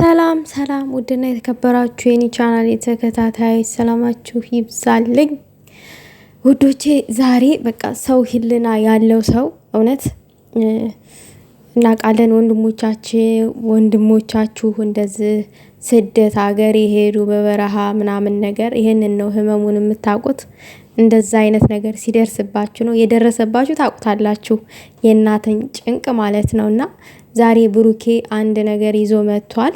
ሰላም ሰላም፣ ውድና የተከበራችሁ የኔ ቻናል የተከታታይ ሰላማችሁ ይብዛልኝ ውዶቼ። ዛሬ በቃ ሰው ህልና ያለው ሰው እውነት እናውቃለን። ወንድሞቻችን ወንድሞቻችሁ እንደዚህ ስደት ሀገር የሄዱ በበረሃ ምናምን ነገር ይህንን ነው ህመሙን የምታውቁት። እንደዛ አይነት ነገር ሲደርስባችሁ ነው የደረሰባችሁ ታውቁታላችሁ፣ የእናትን ጭንቅ ማለት ነው። እና ዛሬ ብሩኬ አንድ ነገር ይዞ መጥቷል።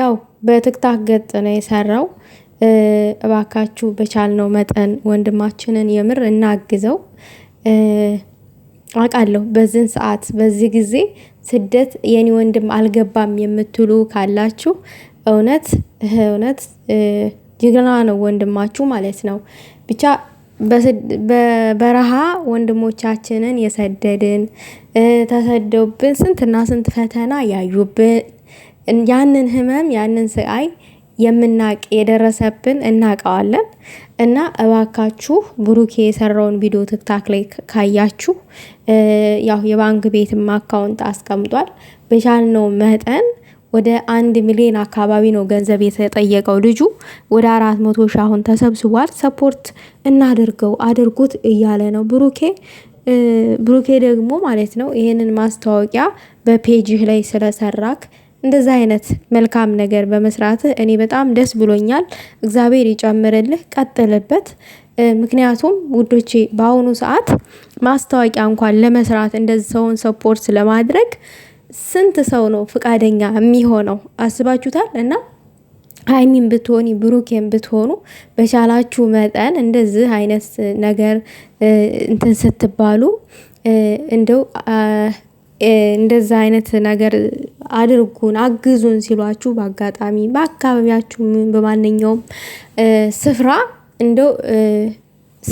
ያው በትክታክ ገጥ ነው የሰራው። እባካችሁ በቻልነው መጠን ወንድማችንን የምር እናግዘው። አውቃለሁ በዚህን ሰዓት በዚህ ጊዜ ስደት የኔ ወንድም አልገባም የምትሉ ካላችሁ እውነት እውነት ጀግና ነው ወንድማችሁ ማለት ነው። ብቻ በበረሃ ወንድሞቻችንን የሰደድን ተሰደውብን ስንትና ስንት ፈተና ያዩብን ያንን ህመም ያንን ስቃይ የምናቅ የደረሰብን እናውቀዋለን። እና እባካችሁ ብሩኬ የሰራውን ቪዲዮ ትክታክ ላይ ካያችሁ ያው የባንክ ቤትም አካውንት አስቀምጧል። በቻልነው መጠን ወደ አንድ ሚሊዮን አካባቢ ነው ገንዘብ የተጠየቀው ልጁ። ወደ አራት መቶ ሺህ አሁን ተሰብስቧል። ሰፖርት እናድርገው አድርጉት እያለ ነው ብሩኬ። ብሩኬ ደግሞ ማለት ነው ይህንን ማስታወቂያ በፔጅህ ላይ ስለሰራክ እንደዛ አይነት መልካም ነገር በመስራትህ እኔ በጣም ደስ ብሎኛል። እግዚአብሔር ይጨምርልህ፣ ቀጥልበት። ምክንያቱም ውዶቼ በአሁኑ ሰዓት ማስታወቂያ እንኳን ለመስራት እንደዚህ ሰውን ሰፖርት ለማድረግ ስንት ሰው ነው ፍቃደኛ የሚሆነው? አስባችሁታል? እና ሀይሚን ብትሆኒ ብሩኬን ብትሆኑ በቻላችሁ መጠን እንደዚህ አይነት ነገር እንትን ስትባሉ እንደው እንደዛ አይነት ነገር አድርጉን አግዙን ሲሏችሁ በአጋጣሚ በአካባቢያችሁ በማንኛውም ስፍራ እንደው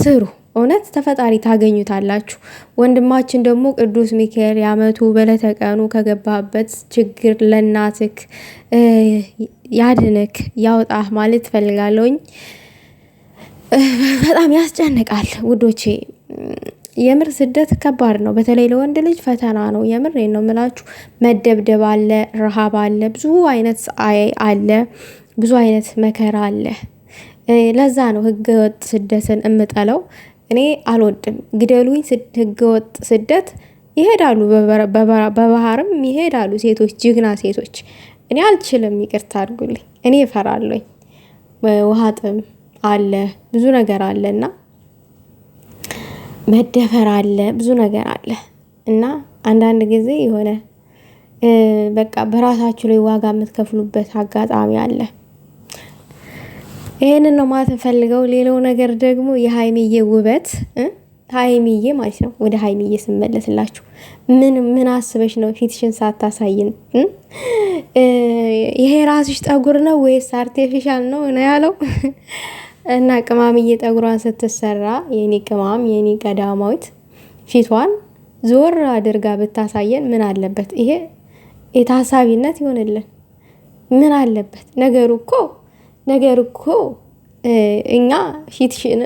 ስሩ። እውነት ተፈጣሪ ታገኙታላችሁ። ወንድማችን ደግሞ ቅዱስ ሚካኤል የአመቱ በለተቀኑ ከገባበት ችግር ለእናትክ ያድንክ ያውጣህ ማለት ትፈልጋለውኝ። በጣም ያስጨንቃል ውዶቼ። የምር ስደት ከባድ ነው። በተለይ ለወንድ ልጅ ፈተና ነው። የምር ነው የምላችሁ። መደብደብ አለ፣ ረሃብ አለ፣ ብዙ አይነት አይ አለ፣ ብዙ አይነት መከራ አለ። ለዛ ነው ህገወጥ ስደትን እምጠለው። እኔ አልወድም። ግደሉኝ፣ ህገወጥ ስደት ይሄዳሉ፣ በባህርም ይሄዳሉ ሴቶች፣ ጀግና ሴቶች። እኔ አልችልም፣ ይቅርታ አድርጉልኝ። እኔ እፈራለኝ። ውሃ ጥም አለ፣ ብዙ ነገር አለ እና መደፈር አለ፣ ብዙ ነገር አለ እና አንዳንድ ጊዜ የሆነ በቃ በራሳችሁ ላይ ዋጋ የምትከፍሉበት አጋጣሚ አለ። ይሄንን ነው ማለት እንፈልገው። ሌላው ነገር ደግሞ የሀይሚዬ ውበት ሀይሚዬ ማለት ነው። ወደ ሀይሚዬ ስመለስላችሁ ምን ምን አስበሽ ነው ፊትሽን ሳታሳይን? ይሄ ራስሽ ጠጉር ነው ወይስ አርቴፊሻል ነው ነው ያለው እና ቅማምዬ ጠጉሯን ስትሰራ የኔ ቅማም የኔ ቀዳማዊት ፊቷን ዞር አድርጋ ብታሳየን ምን አለበት? ይሄ የታሳቢነት ይሆንልን ምን አለበት? ነገሩ እኮ ነገር እኮ እኛ ፊትሽን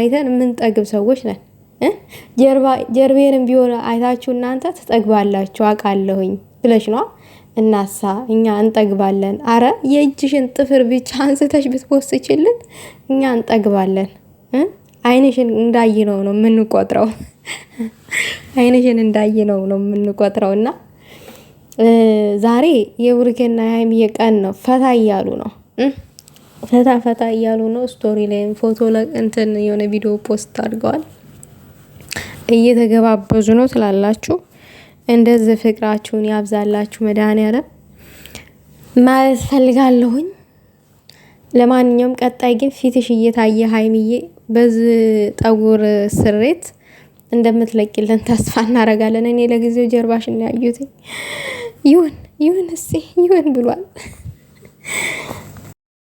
አይተን የምንጠግብ ሰዎች ነን። ጀርቤንም ቢሆን አይታችሁ እናንተ ትጠግባላችሁ አውቃለሁኝ ብለሽ ነዋ። እናሳ እኛ እንጠግባለን። አረ የእጅሽን ጥፍር ብቻ አንስተሽ ብትወስችልን እኛ እንጠግባለን። አይንሽን እንዳይ ነው ነው የምንቆጥረው። አይንሽን እንዳይ ነው ነው የምንቆጥረው። እና ዛሬ የብሩኬና የሀይሚዬ ቀን ነው። ፈታ እያሉ ነው። ፈታ ፈታ እያሉ ነው። ስቶሪ ላይም ፎቶ እንትን የሆነ ቪዲዮ ፖስት አድርገዋል። እየተገባበዙ ነው ትላላችሁ። እንደዚህ ፍቅራችሁን ያብዛላችሁ መድኃኒዓለም ማለት ፈልጋለሁኝ። ለማንኛውም ቀጣይ ግን ፊትሽ እየታየ ሀይሚዬ በዚህ ጠጉር ስሬት እንደምትለቂልን ተስፋ እናረጋለን። እኔ ለጊዜው ጀርባሽ እናያዩትኝ ይሁን ይሁን እስ ይሁን ብሏል።